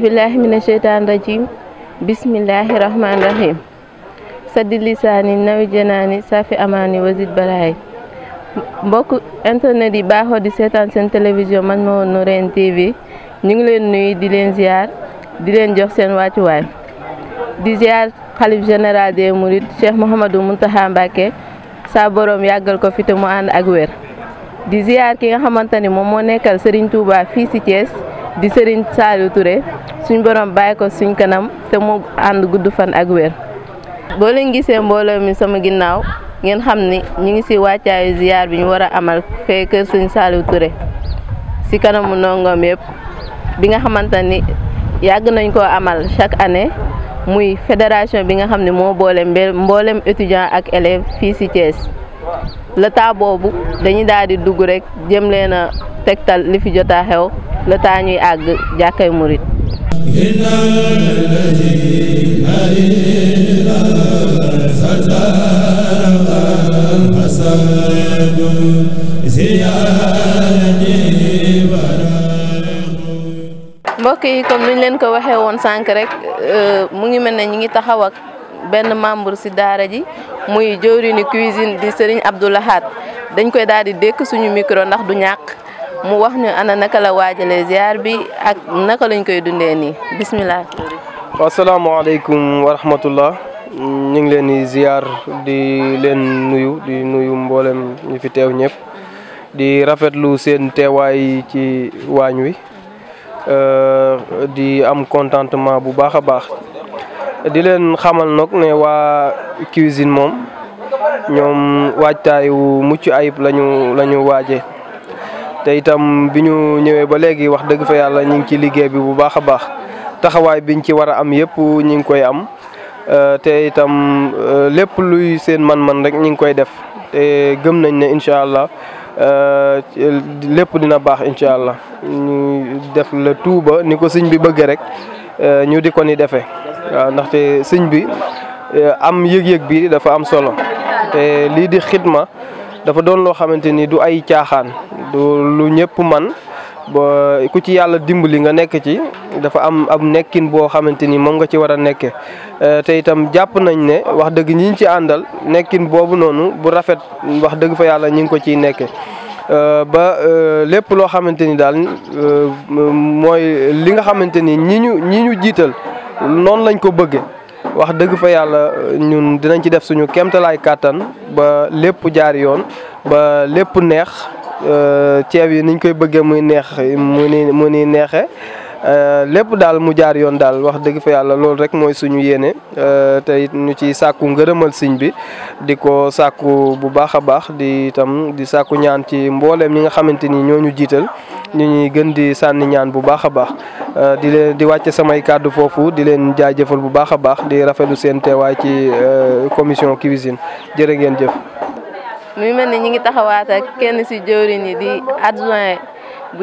billahi mina sheytaan rajim bismillahi rahmani rahim saddi lisaani nawi janaani safi amaani wasid balaay mbokk internet yi baaxoo di seetaan seen télévision man ma woon Noreyni TV ñu ngi leen nuyu di leen ziar di leen jox seen wàccuwaay di ziar xalif général des mourides Cheikh Mouhamadou Mountakha Mbacké saa borom yàggal ko fi te mu ànd ak wér di ziar ki nga xamante ni moom moo nekkal sëriñ Touba fii si Thiès di Serigne Saliou ture suñ borom bàyyi ko suñ kanam te mu ànd gudd fan ak weer boo leen gisee mbooloo mi sama ginnaaw ngeen xam ni ñu ngi si wàccaayu ziar bi ñu war a amal fee kër Serigne Saliou Touré si kanamu ndongoom yëpp bi nga xamante ni yàgg nañ ko amal chaque année muy fédération bi nga xam ne moo boole mboolem étudiant ak élève fii ci Thiès le temps boobu dañuy daal di dugg rek jëm leen a tegtal li fi jot a xew le temps ñuy àgg jàkkay murit mbokk yi ñu leen ko waxee woon sànq rek euh, mu ngi mel ne ñu ngi taxaw ak benn membre si daara ji muy jëwriñu cuisine di Serigne Abdou Lahad dañ koy daal di dékk suñu micro ndax du ñàkk mu wax ñu ana naka la waajalee ziar bi ak naka lañ koy dundee nii bismillah. asalaamaaleykum wa rahmatullah ñu ngi leen di ziar di leen nuyu di nuyu mboolem ñi fi teew ñëpp di rafetlu seen teewaay ci waañ wi. Euh, di am contentement bu baax a baax di leen xamal nag ne waa cuisine moom ñoom waajtaayu mucc ayib lañu la ñu waaje te itam bi ñu ñëwee ba léegi wax dëgg fa yàlla ñu ngi ci liggéey bi bu baax a baax taxawaay biñ ci war a am yëpp ñu ngi koy am euh, te itam euh, lépp luy seen man-man rek ñu ngi koy def te gëm nañ ne incha allah Euh, lépp dina baax incha allah ñu def la tout ba ni ko sëñ bi bëggee rek euh, ñu di ko ni defee waaw ndaxte sëñ bi euh, am yëg-yëg bi dafa am solo te lii di xidma dafa doon loo xamante ni du ay caaxaan du lu ñëpp man ba ku ci yàlla dimbali nga nekk ci dafa am ab nekkin boo xamante ni moom nga ci war a nekkee eh, te itam jàpp nañ ne wax dëgg ñi ci àndal nekkin boobu noonu bu rafet wax dëgg fa yàlla ñi ngi ko ciy nekkee. Eh, ba eh, lépp loo xamante ni daal mooy li nga xamante ni ñi ñu ñi ñu jiital noonu lañ ko bëggee wax dëgg fa yàlla ñun dinañ ci def suñu kéemtalaay kàttan ba lépp jaar yoon ba lépp neex. Euh, ceeb yi niñ koy bëggee muy neex mu ni mu ni neexee euh, lépp daal mu jaar yoon daal wax dëgg fa yàlla loolu rek mooy suñu yéene euh, te it ñu ci sàkku ngërëmal sëñ bi di ko sàkku bu baax a baax di itam di sàkku ñaan ci mbooleem ñi nga xamante ni ñoo ñu jiital ñu ñuy gën di sànni ñaan bu baax a baax di leen di wàcce samay kàddu foofu di leen jaajëfal bu baax a baax di rafetlu seen teewaay ci commission cuisine jërë ngeen jëf. muy mel ni ñu ngi taxawaat ak kenn si jëwriñ yi di adjoint bu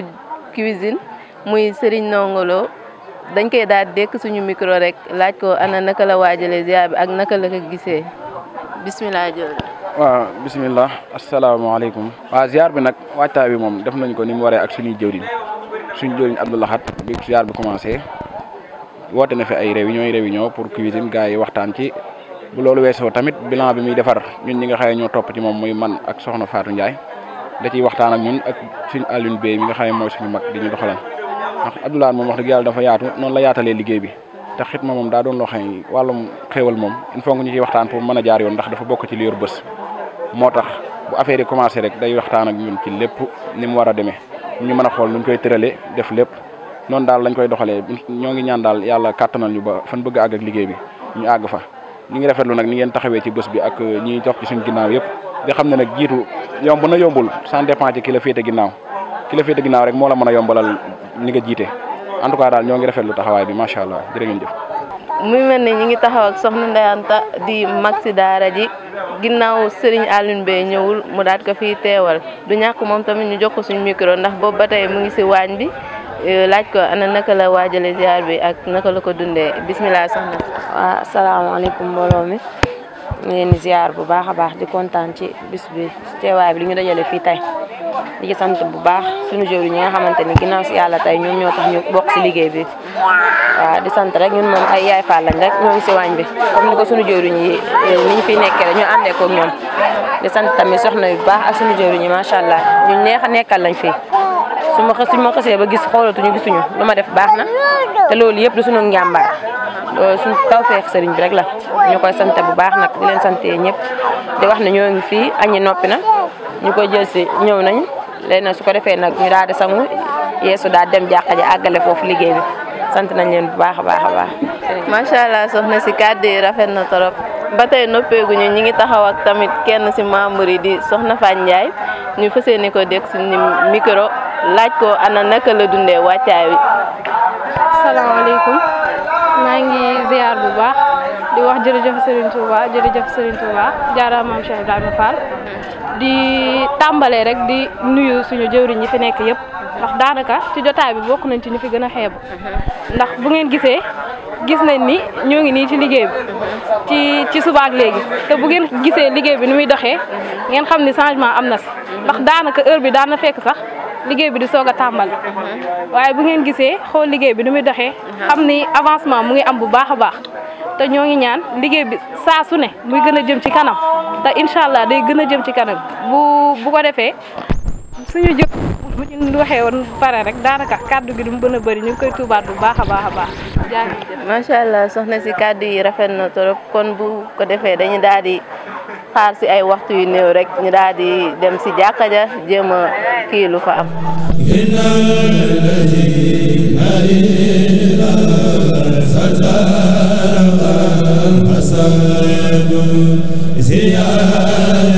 cuisine muy Serigne Ndongo dañ koy daal dékk suñu micro rek laaj ko ana naka la waajalee ziar bi ak naka la ko gisee bisimilah jëwriñ. waaw bisimilah asalaamaaleykum. waaw ziar bi nag waajtaay bi moom def nañ ko ni mu waree ak suñuy jëwriñ suñu jëwriñ Abdou Lahat bi ziar bi commencé woote na fi ay réunion réunion pour cuisine gars yi waxtaan ci. bu loolu weesoo tamit bilan bi muy defar ñun ñi nga xam ne ñoo topp ci moom muy man ak soxna faatu Ndiaye da ciy waxtaan ak ñun ak suñu Alioune Bey mi nga xam ne mooy suñu mag di ñu doxalan ndax Abdoulaye moom wax dëgg yàlla dafa yaatu noonu la yaatalee liggéey bi te xitma moom daa doon loo xam ne wàllum moom il ñu ciy waxtaan pour mën a jaar yoon ndax dafa bokk ci li yor moo tax bu affaire yi commencé rek day waxtaan ak ñun ci lépp ni mu war a demee ñu mën a xool nuñ koy tëralee def lépp noonu daal lañ koy doxalee ñoo ngi ñaan daal yàlla kàttanal ñu ba fan bëgg àgg liggéey bi ñu àgg fa ñu ngi rafetlu nag ni ngeen taxawee ci bés bi ak ñi jox ci suñ ginnaaw yëpp di xam ne nag jiitu yomb na yombul sans dépend ci ki la féete ginnaaw ki la féete moo la mën a yombalal ni nga jiite en tout cas daal ñoo ngi rafetlu taxawaay bi macha allah jërë muy mel ne ñi ngi taxaw ak soxna Ndeye Anta di mag si daara ji ginnaaw Serigne Alioune Mbaye ñëwul mu daat ko fii teewal du ñàkk moom tamit ñu jox ko suñu micro ndax boobu ba tey mu ngi si waañ bi. Euh, laaj ko ana naka la waajale ziar bi ak naka la ko dundee bismillah soxna. waaw asalaamaaleykum mbooloo mi ñu leen di ziar bu baax a baax di kontaan ci bisbi bi bi li ñu dajale fii tey di ci sant bu baax suñu jëw yi ñi nga xamante ni ginnaaw si yàlla tey ñoom ñoo bokk si liggéey bi waaw di sant rek ñun moom ay yaay faal lañ rek ñoo si waañ bi comme ni ko suñu jëw yi ñi eh, ni ñu fiy nekkee ñu àndee koog ñoom di sant tamit soxna yu baax ak suñu jëw yi ñi macha allah ñu neex a nekkal lañ fii su ma xas su ma xasee ba gis xoolatuñu gisuñu lu ma def baax na te loolu yëpp du sunu njàmbaar suñ tawfeex sëriñ bi rek la ñu koy sante bu baax nag di leen santee ñëpp di wax ne ñoo ngi fii añi noppi na ñu koy jël si ñëw nañ léegi nag su ko defee nag ñu daal di sangu yeesu daal dem jàkka ji àggale foofu liggéey bi sant nañ leen bu baax a baax a baax. macha allah soxna si kàddu yi rafet na torop ba tey noppeeguñu ñu ngi taxaw ak tamit kenn si membre yi di soxna Fane Ndiaye ñu fas yéene ko dégg suñu micro. laaj ko ana naka la dundee wàccaay wi. salaamaaleykum maa ngi ziar bu baax di wax jërëjëf Serigne Touba jërëjëf Serigne Touba jaaraama maam Cheikh Ibrahima Fall di tàmbalee rek di nuyu suñu jëwriñ ñi fi nekk yëpp. ndax daanaka ci jotaay bi bokk nañ ci ñu fi gën a xeebu ndax bu ngeen gisee gis nañ ni ñoo ngi nii ci liggéey bi ci ci subaak léegi te bu ngeen gisee liggéey bi nu muy doxee ngeen xam ni changement am na si ndax daanaka heure bi daan na fekk sax liggéey bi di soog a tàmbal waaye bu ngeen gisee xool liggéey bi nu muy doxee xam ni avancement mu ngi am bu baax a baax te ñoo ngi ñaan liggéey bi saa su ne muy gën a jëm ci kanam te incha allah day gën a jëm ci kanam bu bu ko defee suñu jëm bu ñu waxee woon pare rek daanaka kàddu gi du mu gën a bëri ñu ngi koy tuubaat bu baax a baax a baax jaajëf macha allah soxna si kàddu yi rafet na trop kon bu ko defee dañu daal di xaar si ay waxtu yu néew rekk ñu daal di dem si jàkka ja jéem a kii lu fa am. ziyaara